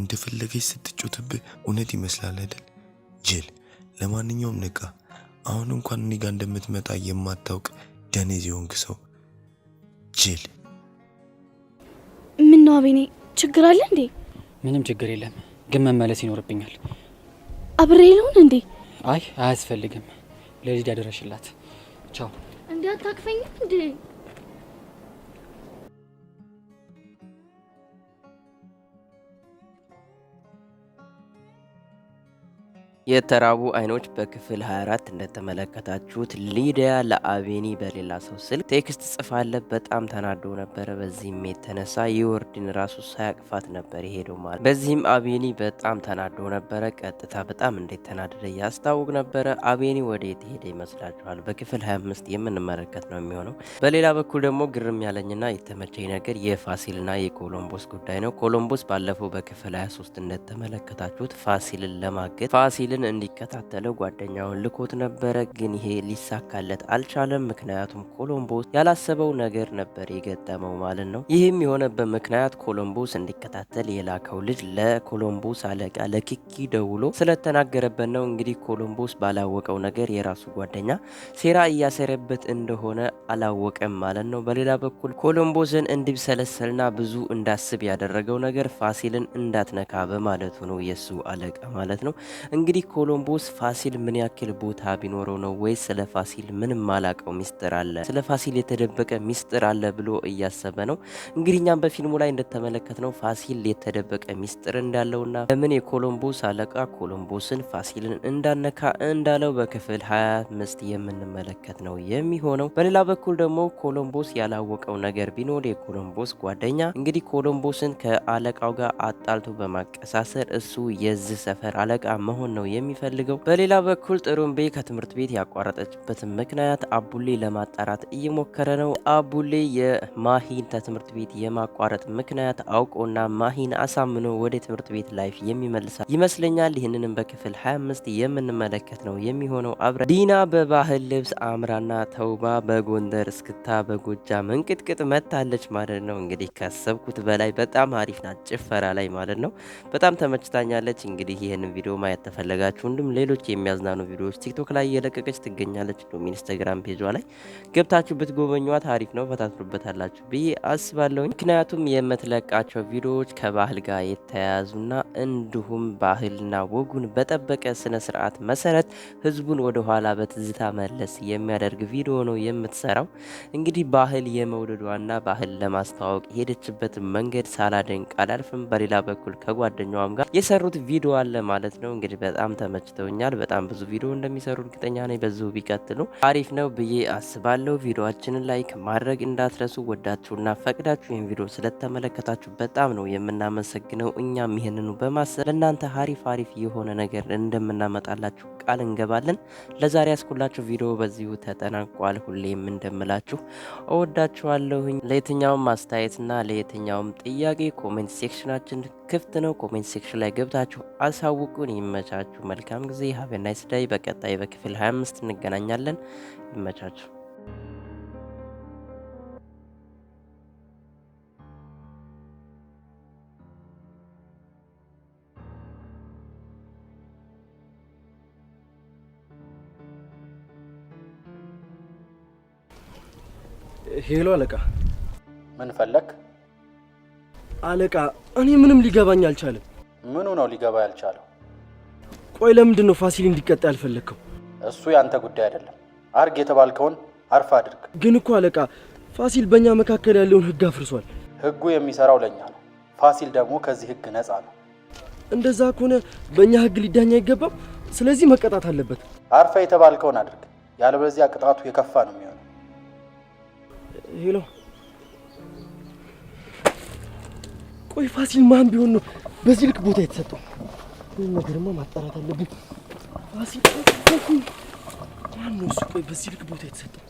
እንደፈለገች ስትጮትብህ እውነት ይመስላል አይደል? ጅል። ለማንኛውም ንቃ። አሁን እንኳን እኔ ጋር እንደምትመጣ የማታውቅ ደኔዝ የሆንክ ሰው ጅል። ምን ነው አቤኔ፣ ችግር አለ እንዴ? ምንም ችግር የለም፣ ግን መመለስ ይኖርብኛል። አብሬ ልሁን እንዴ? አይ አያስፈልግም። ለልጅ ያደረሽላት። ቻው። እንዴ አታቅፈኝም እንዴ? የተራቡ አይኖች በክፍል 24 እንደተመለከታችሁት ሊዲያ ለአቤኒ በሌላ ሰው ስልክ ቴክስት ጽፋለ በጣም ተናዶ ነበረ። በዚህም የተነሳ የወርድን ራሱ ሳያቅፋት ነበር የሄደው ማለት። በዚህም አቤኒ በጣም ተናዶ ነበረ። ቀጥታ በጣም እንዴት ተናደደ ያስታውቅ ነበረ። አቤኒ ወደ የት ሄደ ይመስላችኋል? በክፍል 25 የምንመለከት ነው የሚሆነው። በሌላ በኩል ደግሞ ግርም ያለኝና የተመቸኝ ነገር የፋሲልና የኮሎምቦስ ጉዳይ ነው። ኮሎምቦስ ባለፈው በክፍል 23 እንደተመለከታችሁት ፋሲልን ለማገት ፋሲል ሰዎችን እንዲከታተለው ጓደኛውን ልኮት ነበረ። ግን ይሄ ሊሳካለት አልቻለም። ምክንያቱም ኮሎምቦስ ያላሰበው ነገር ነበር የገጠመው ማለት ነው። ይህም የሆነበት ምክንያት ኮሎምቦስ እንዲከታተል የላከው ልጅ ለኮሎምቦስ አለቃ ለኪኪ ደውሎ ስለተናገረበት ነው። እንግዲህ ኮሎምቦስ ባላወቀው ነገር የራሱ ጓደኛ ሴራ እያሰረበት እንደሆነ አላወቀም ማለት ነው። በሌላ በኩል ኮሎምቦስን እንዲብሰለሰልና ብዙ እንዳስብ ያደረገው ነገር ፋሲልን እንዳትነካ በማለቱ ነው የሱ አለቃ ማለት ነው። እንግዲህ ኮሎምቦስ ፋሲል ምን ያክል ቦታ ቢኖረው ነው ወይስ ስለ ፋሲል ምንም ማላቀው ሚስጥር አለ፣ ስለ ፋሲል የተደበቀ ሚስጥር አለ ብሎ እያሰበ ነው። እንግዲህ እኛም በፊልሙ ላይ እንደተመለከትነው ፋሲል የተደበቀ ሚስጥር እንዳለውና ለምን የኮሎምቦስ አለቃ ኮሎምቦስን ፋሲልን እንዳነካ እንዳለው በክፍል 25 የምንመለከት ነው የሚሆነው። በሌላ በኩል ደግሞ ኮሎምቦስ ያላወቀው ነገር ቢኖር የኮሎምቦስ ጓደኛ እንግዲህ ኮሎምቦስን ከአለቃው ጋር አጣልቶ በማቀሳሰር እሱ የዚህ ሰፈር አለቃ መሆን ነው የሚፈልገው። በሌላ በኩል ጥሩምቤ ከትምህርት ቤት ያቋረጠችበትን ምክንያት አቡሌ ለማጣራት እየሞከረ ነው። አቡሌ የማሂን ከትምህርት ቤት የማቋረጥ ምክንያት አውቆና ማሂን አሳምኖ ወደ ትምህርት ቤት ላይፍ የሚመልሳል ይመስለኛል። ይህንንም በክፍል 25 የምንመለከት ነው የሚሆነው። አብረ ዲና በባህል ልብስ አምራና ተውባ በጎንደር እስክታ በጎጃም እንቅጥቅጥ መታለች ማለት ነው። እንግዲህ ከሰብኩት በላይ በጣም አሪፍ ናት ጭፈራ ላይ ማለት ነው። በጣም ተመችታኛለች። እንግዲህ ይህንን ቪዲዮ ማየት ተፈለጋል የምትረዳቸው እንዲሁም ሌሎች የሚያዝናኑ ቪዲዮዎች ቲክቶክ ላይ እየለቀቀች ትገኛለች። እንዲሁም ኢንስታግራም ፔጇ ላይ ገብታችሁ ብትጎበኟት አሪፍ ነው፣ ፈታትሩበታላችሁ ብዬ አስባለሁ። ምክንያቱም የምትለቃቸው ቪዲዮዎች ከባህል ጋር የተያያዙና እንዲሁም ባህልና ወጉን በጠበቀ ስነ ስርዓት መሰረት ህዝቡን ወደኋላ በትዝታ መለስ የሚያደርግ ቪዲዮ ነው የምትሰራው። እንግዲህ ባህል የመውደዷና ባህል ለማስተዋወቅ የሄደችበት መንገድ ሳላደንቅ አላልፍም። በሌላ በኩል ከጓደኛዋም ጋር የሰሩት ቪዲዮ አለ ማለት ነው እንግዲህ በጣም በጣም ተመችተውኛል። በጣም ብዙ ቪዲዮ እንደሚሰሩ እርግጠኛ ነኝ። በዚሁ ቢቀጥሉ አሪፍ ነው ብዬ አስባለሁ። ቪዲዮችንን ላይክ ማድረግ እንዳትረሱ። ወዳችሁና ፈቅዳችሁ ይህን ቪዲዮ ስለተመለከታችሁ በጣም ነው የምናመሰግነው። እኛም ይህንኑ በማሰብ ለእናንተ አሪፍ አሪፍ የሆነ ነገር እንደምናመጣላችሁ ቃል እንገባለን። ለዛሬ ያስኩላችሁ ቪዲዮ በዚሁ ተጠናቋል። ሁሌም እንደምላችሁ እወዳችኋለሁኝ። ለየትኛውም አስተያየትና ለየትኛውም ጥያቄ ኮሜንት ሴክሽናችን ክፍት ነው። ኮሜንት ሴክሽን ላይ ገብታችሁ አሳውቁን። ይመቻችሁ። ተመኘሁላችሁ መልካም ጊዜ ሀብ ናይስ ዳይ። በቀጣይ በክፍል 25 እንገናኛለን። ይመቻችሁ። ሄሎ አለቃ፣ ምን ፈለክ? አለቃ፣ እኔ ምንም ሊገባኝ አልቻለም። ምኑ ነው ሊገባ ያልቻለው? ቆይ ለምንድን ነው ፋሲል እንዲቀጣ ያልፈለግከው? እሱ ያንተ ጉዳይ አይደለም። አርግ የተባልከውን አርፍ አድርግ። ግን እኮ አለቃ ፋሲል በእኛ መካከል ያለውን ህግ አፍርሷል። ህጉ የሚሰራው ለእኛ ነው። ፋሲል ደግሞ ከዚህ ህግ ነፃ ነው። እንደዛ ከሆነ በእኛ ህግ ሊዳኝ አይገባም። ስለዚህ መቀጣት አለበት። አርፈ የተባልከውን አድርግ፣ ያለበለዚያ ቅጣቱ የከፋ ነው የሚሆነው። ሄሎ፣ ቆይ ፋሲል ማን ቢሆን ነው በዚህ ልክ ቦታ የተሰጠው? ይህን ነገርማ ማጣራት አለብን። ፋሲል ያን ነው እሱ። ቆይ በዚህ ልክ ቦታ የተሰጠው